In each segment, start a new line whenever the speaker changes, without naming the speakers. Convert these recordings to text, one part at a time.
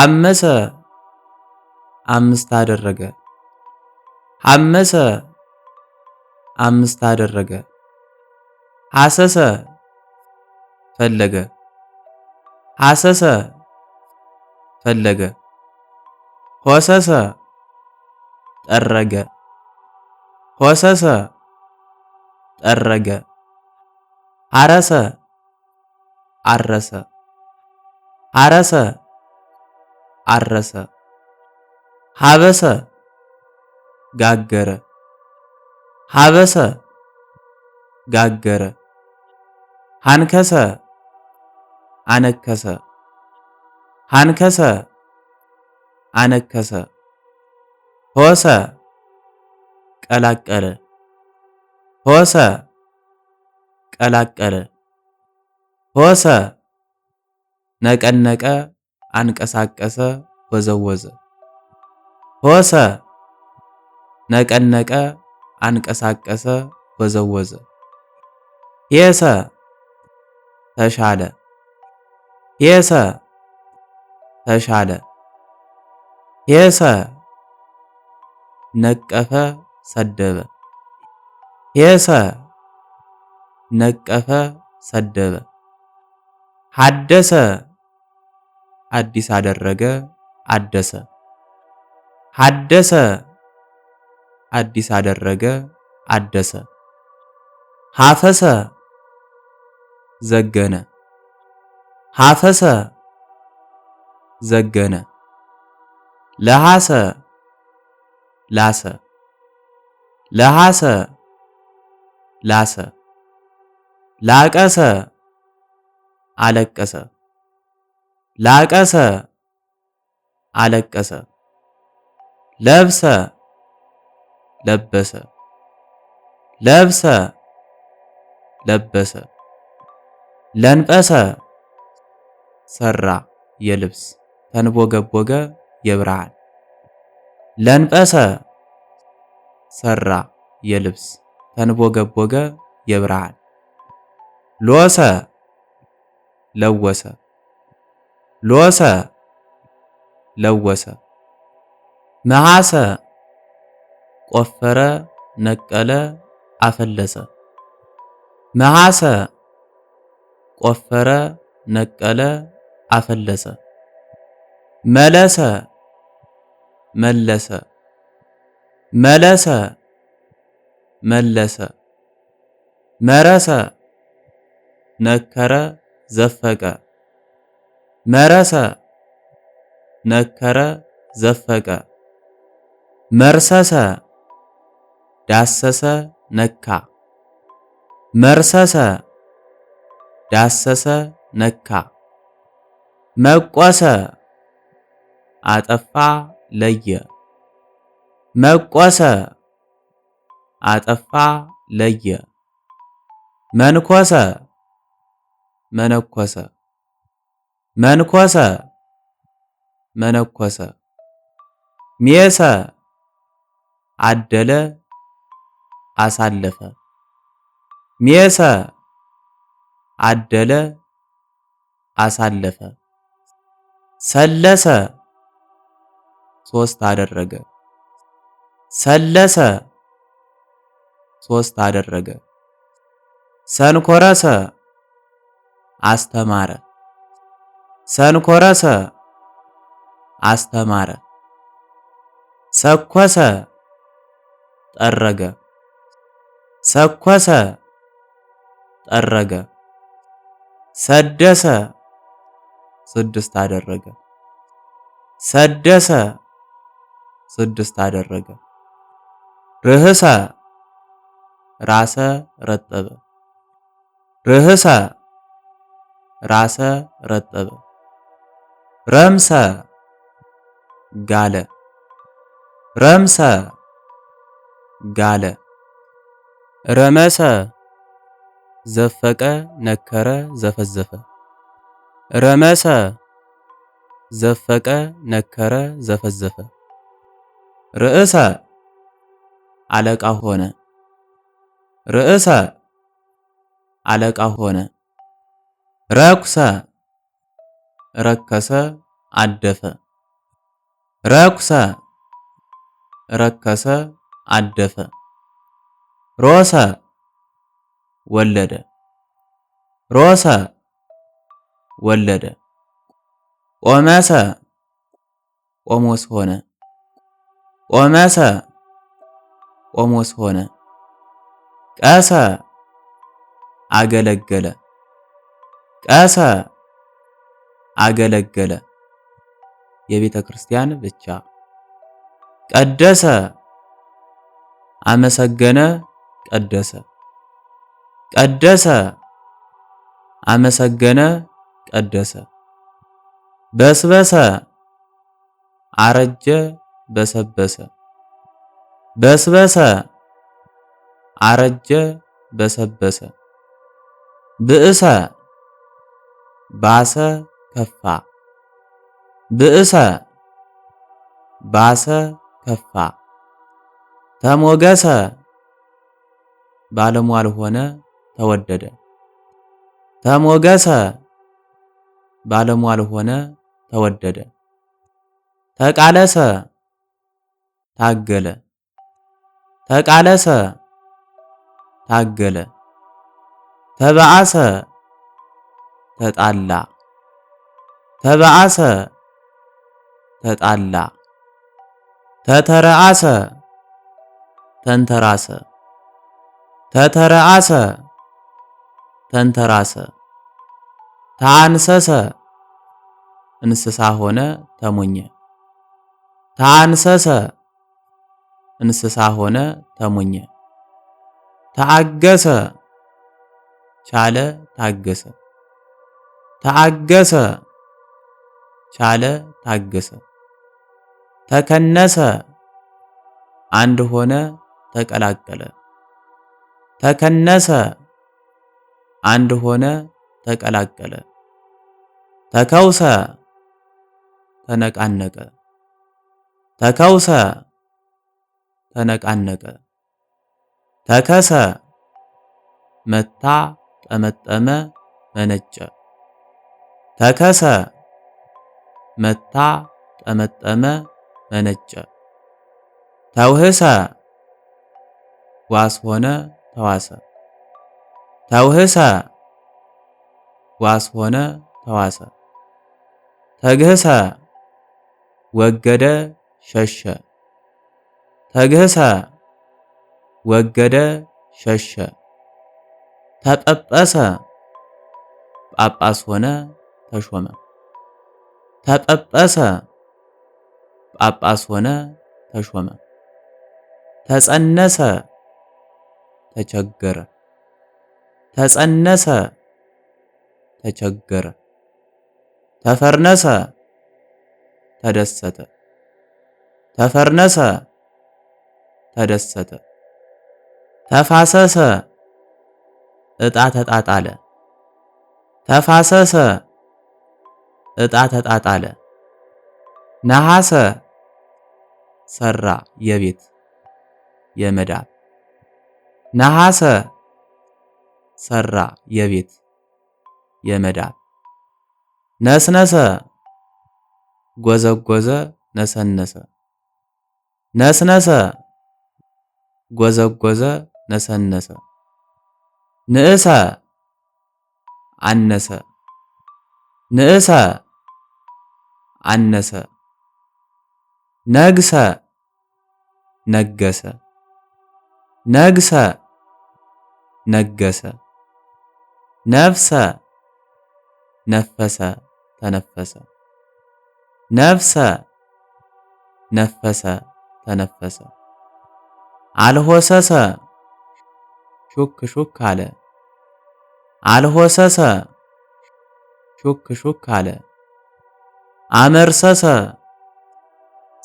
ሐመሰ አምስት አደረገ ሐመሰ አምስት አደረገ ሐሰሰ ፈለገ ሐሰሰ ፈለገ ሆሰሰ ጠረገ ሆሰሰ ጠረገ አረሰ አረሰ አረሰ አረሰ ሀበሰ ጋገረ ሀበሰ ጋገረ ሀንከሰ አነከሰ ሀንከሰ አነከሰ ሆሰ ቀላቀለ ሆሰ ቀላቀለ ሆሰ ነቀነቀ አንቀሳቀሰ፣ ወዘወዘ። ሆሰ ነቀነቀ፣ አንቀሳቀሰ፣ ወዘወዘ። ሄሰ ተሻለ፣ ሄሰ ተሻለ። ሄሰ ነቀፈ፣ ሰደበ። ሄሰ ነቀፈ፣ ሰደበ። ሐደሰ አዲስ አደረገ አደሰ ሀደሰ አዲስ አደረገ አደሰ ሀፈሰ ዘገነ ሀፈሰ ዘገነ ለሐሰ ላሰ ለሐሰ ላሰ ላቀሰ አለቀሰ ላቀሰ አለቀሰ ለብሰ ለበሰ ለብሰ ለበሰ ለንበሰ ሰራ የልብስ ተንቦገቦገ የብርሃን ለንበሰ ሰራ የልብስ ተንቦገቦገ የብርሃን ሎሰ ለወሰ لوسا لوسا معاسا قفر نقل افلس معاسا قفر نقل افلس ملس ملس ملس ملس مرس نكر زفق መረሰ ነከረ ዘፈቀ መርሰሰ ዳሰሰ ነካ መርሰሰ ዳሰሰ ነካ መቆሰ አጠፋ ለየ መቆሰ አጠፋ ለየ መንኮሰ መነኮሰ መንኮሰ መነኮሰ ሜሰ አደለ አሳለፈ ሜሰ አደለ አሳለፈ ሰለሰ ሶስት አደረገ ሰለሰ ሶስት አደረገ ሰንኮረሰ አስተማረ ሰንኮረሰ አስተማረ ሰኮሰ ጠረገ ሰኮሰ ጠረገ ሰደሰ ስድስት አደረገ ሰደሰ ስድስት አደረገ ርህሰ ራሰ ረጠበ ርህሰ ራሰ ረጠበ ረምሰ ጋለ ረምሰ ጋለ ረመሰ ዘፈቀ ነከረ ዘፈዘፈ ረመሰ ዘፈቀ ነከረ ዘፈዘፈ ርዕሰ አለቃ ሆነ ርዕሰ አለቃ ሆነ ረኩሰ ረከሰ አደፈ ረኩሰ ረከሰ አደፈ ሮሰ ወለደ ሮሰ ወለደ ቆመሰ ቆሞስ ሆነ ቆመሰ ቆሞስ ሆነ ቀሰ አገለገለ ቀሰ አገለገለ። የቤተ ክርስቲያን ብቻ ቀደሰ፣ አመሰገነ፣ ቀደሰ፣ ቀደሰ፣ አመሰገነ፣ ቀደሰ፣ በስበሰ፣ አረጀ፣ በሰበሰ፣ በስበሰ፣ አረጀ፣ በሰበሰ፣ ብእሰ፣ ባሰ ከፋ ብእሰ ባሰ ከፋ ተሞገሰ ባለሟል ሆነ ተወደደ ተሞገሰ ባለሟል ሆነ ተወደደ ተቃለሰ ታገለ ተቃለሰ ታገለ ተበአሰ ተጣላ ተበአሰ ተጣላ ተተረአሰ ተንተራሰ ተተረአሰ ተንተራሰ ታንሰሰ እንስሳ ሆነ ተሞኘ ታንሰሰ እንስሳ ሆነ ተሞኘ ታገሰ ቻለ ታገሰ ታገሰ ቻለ፣ ታገሰ። ተከነሰ አንድ ሆነ፣ ተቀላቀለ። ተከነሰ አንድ ሆነ፣ ተቀላቀለ። ተከውሰ ተነቃነቀ። ተከውሰ ተነቃነቀ። ተከሰ መታ፣ ጠመጠመ፣ መነጨ። ተከሰ መታ፣ ጠመጠመ፣ መነጨ። ተውህሰ ዋስ ሆነ፣ ተዋሰ። ተውህሰ ዋስ ሆነ፣ ተዋሰ። ተግህሰ ወገደ፣ ሸሸ። ተግህሰ ወገደ፣ ሸሸ። ተጠጠሰ ጳጳስ ሆነ፣ ተሾመ። ተጠጠሰ ጳጳስ ሆነ ተሾመ፣ ተጸነሰ ተቸገረ፣ ተጸነሰ ተቸገረ፣ ተፈርነሰ ተደሰተ፣ ተፈርነሰ ተደሰተ፣ ተፋሰሰ ዕጣ ተጣጣለ፣ ተፋሰሰ ዕጣ ተጣጣለ። ነሐሰ ሰራ የቤት የመዳብ ነሐሰ ሰራ የቤት የመዳብ ነስነሰ ጎዘጎዘ ነሰነሰ ነስነሰ ጎዘጎዘ ነሰነሰ ንእሰ አነሰ ንእሰ አነሰ ነግሰ ነገሰ ነግሰ ነገሰ ነፍሰ ነፈሰ ተነፈሰ ነፍሰ ነፈሰ ተነፈሰ አልሆሰሰ ሹክ ሹክ አለ አልሆሰሰ ሹክ ሹክ አለ አመርሰሰ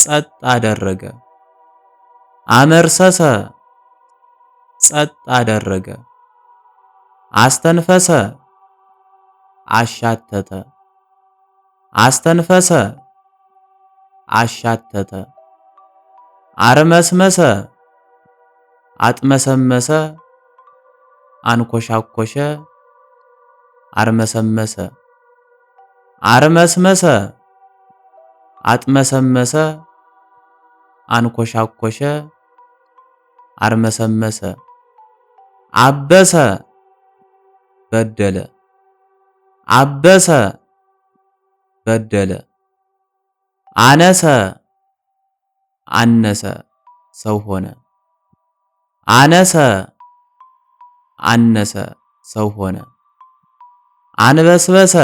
ጸጥ አደረገ አመርሰሰ ጸጥ አደረገ አስተንፈሰ አሻተተ አስተንፈሰ አሻተተ አርመስመሰ አጥመሰመሰ አንኮሻኮሸ አርመሰመሰ አርመስመሰ አጥመሰመሰ አንኮሻኮሸ አርመሰመሰ አበሰ በደለ አበሰ በደለ አነሰ አነሰ ሰው ሆነ አነሰ አነሰ ሰው ሆነ አንበስበሰ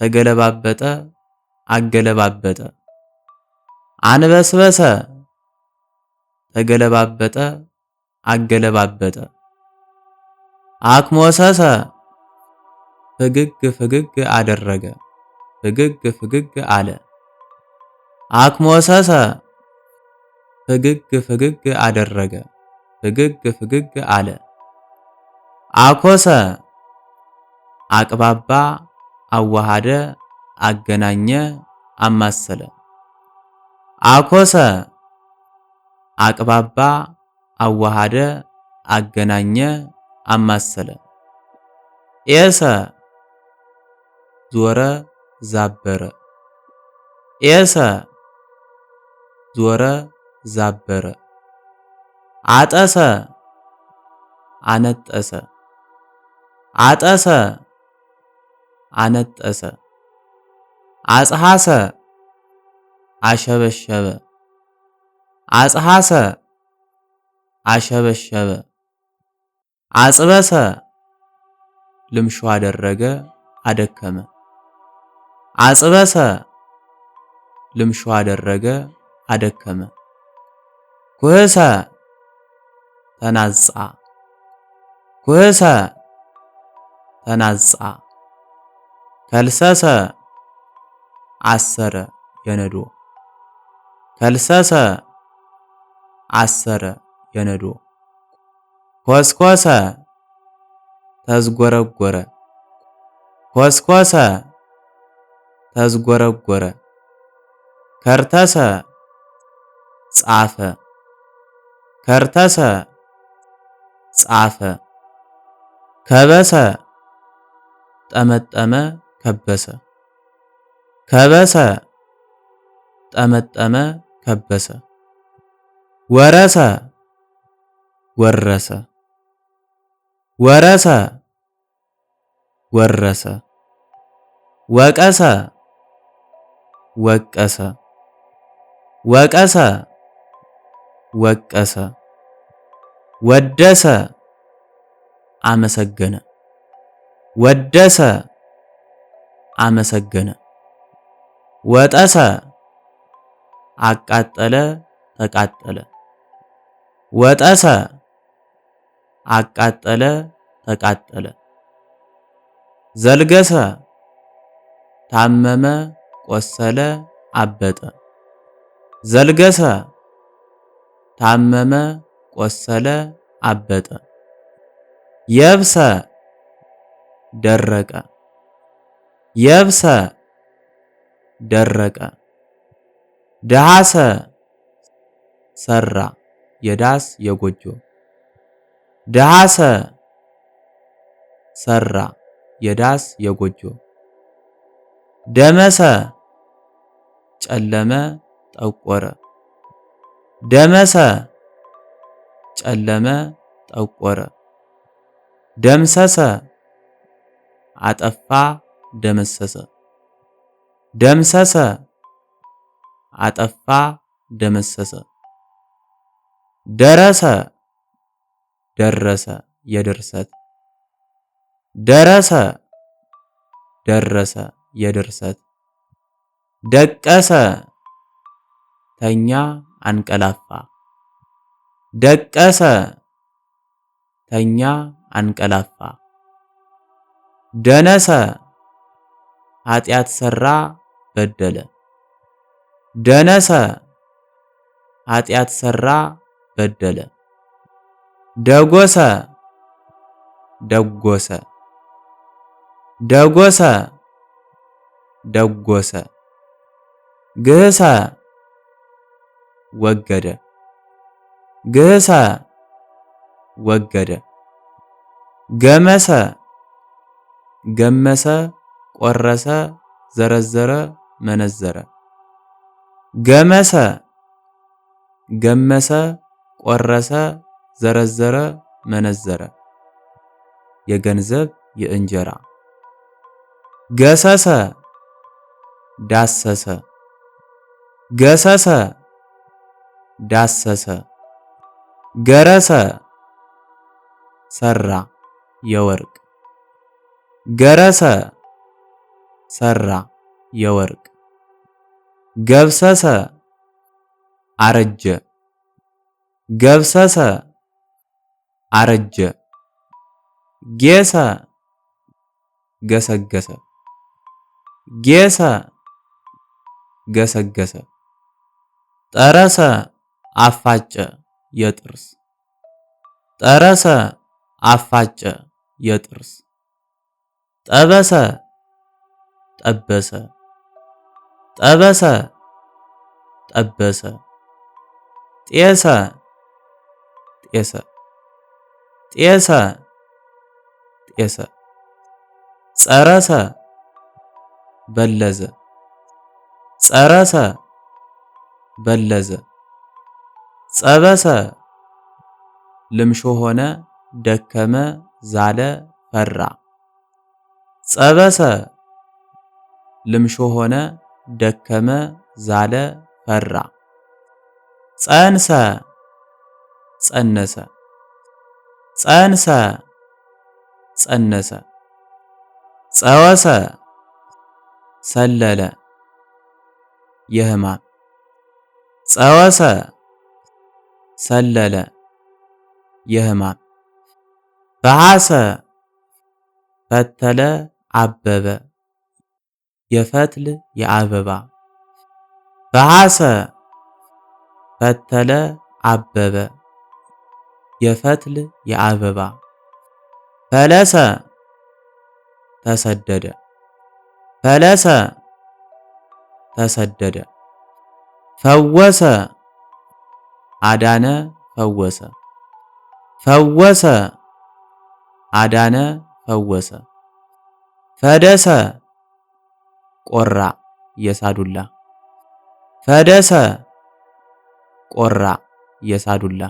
ተገለባበጠ አገለባበጠ። አንበስበሰ ተገለባበጠ አገለባበጠ። አክሞሰሰ ፍግግ ፍግግ አደረገ ፍግግ ፍግግ አለ። አክሞሰሰ ፍግግ ፍግግ አደረገ ፍግግ ፍግግ አለ። አኮሰ አቅባባ አዋሃደ አገናኘ፣ አማሰለ። አኮሰ አቅባባ፣ አዋሃደ፣ አገናኘ፣ አማሰለ። ኤሰ ዞረ፣ ዛበረ። ኤሰ ዞረ፣ ዛበረ። አጠሰ አነጠሰ አጠሰ አነጠሰ አጽሐሰ አሸበሸበ አጽሐሰ አሸበሸበ አጽበሰ ልምሾ አደረገ አደከመ አጽበሰ ልምሾ አደረገ አደከመ ኩህሰ ተናጻ ኩህሰ ተናጻ ከልሰሰ አሰረ የነዶ ከልሰሰ አሰረ የነዶ ኮስኮሰ ተዝጎረጎረ ኮስኮሰ ተዝጎረጎረ ከርተሰ ጻፈ ከርተሰ ጻፈ ከበሰ ጠመጠመ ከበሰ ከበሰ ጠመጠመ ከበሰ ወረሰ ወረሰ ወረሰ ወረሰ ወቀሰ ወቀሰ ወቀሰ ወቀሰ ወደሰ አመሰገነ ወደሰ አመሰገነ ወጠሰ አቃጠለ ተቃጠለ ወጠሰ አቃጠለ ተቃጠለ ዘልገሰ ታመመ ቆሰለ አበጠ ዘልገሰ ታመመ ቆሰለ አበጠ የብሰ ደረቀ የብሰ ደረቀ። ደሃሰ ሰራ የዳስ የጎጆ ደሃሰ ሰራ የዳስ የጎጆ ደመሰ ጨለመ ጠቆረ ደመሰ ጨለመ ጠቆረ ደምሰሰ አጠፋ ደመሰሰ ደምሰሰ አጠፋ ደመሰሰ ደረሰ ደረሰ የድርሰት ደረሰ ደረሰ የድርሰት ደቀሰ ተኛ አንቀላፋ ደቀሰ ተኛ አንቀላፋ ደነሰ ኃጢአት ሰራ በደለ። ደነሰ ኃጢአት ሰራ በደለ። ደጎሰ ደጎሰ ደጎሰ ደጎሰ። ግህሰ ወገደ ግህሰ ወገደ። ገመሰ ገመሰ ቆረሰ ዘረዘረ መነዘረ። ገመሰ ገመሰ፣ ቆረሰ፣ ዘረዘረ፣ መነዘረ። የገንዘብ የእንጀራ ገሰሰ ዳሰሰ ገሰሰ ዳሰሰ ገረሰ ሰራ የወርቅ ገረሰ ሰራ የወርቅ ገብሰሰ አረጀ ገብሰሰ አረጀ ጌሰ ገሰገሰ ጌሰ ገሰገሰ ጠረሰ አፋጨ የጥርስ ጠረሰ አፋጨ የጥርስ ጠበሰ ጠበሰ ጠበሰ ጠበሰ ጤሰ ጤሰ ጤሰ ጤሰ ጸረሰ በለዘ ጸረሰ በለዘ ጸበሰ ልምሾ ሆነ ደከመ ዛለ ፈራ ጸበሰ ልምሾ ሆነ ደከመ፣ ዛለ፣ ፈራ። ጸንሰ ጸነሰ ጸንሰ ጸነሰ ጸወሰ ሰለለ የህማም ጸወሰ ሰለለ የህማም በሐሰ ፈተለ አበበ የፈትል የአበባ በሐሰ ፈተለ አበበ የፈትል የአበባ ፈለሰ ተሰደደ ፈለሰ ተሰደደ ፈወሰ አዳነ ፈወሰ ፈወሰ አዳነ ፈወሰ ፈደሰ ቆራ የሳዱላ ፈደሰ ቆራ የሳዱላ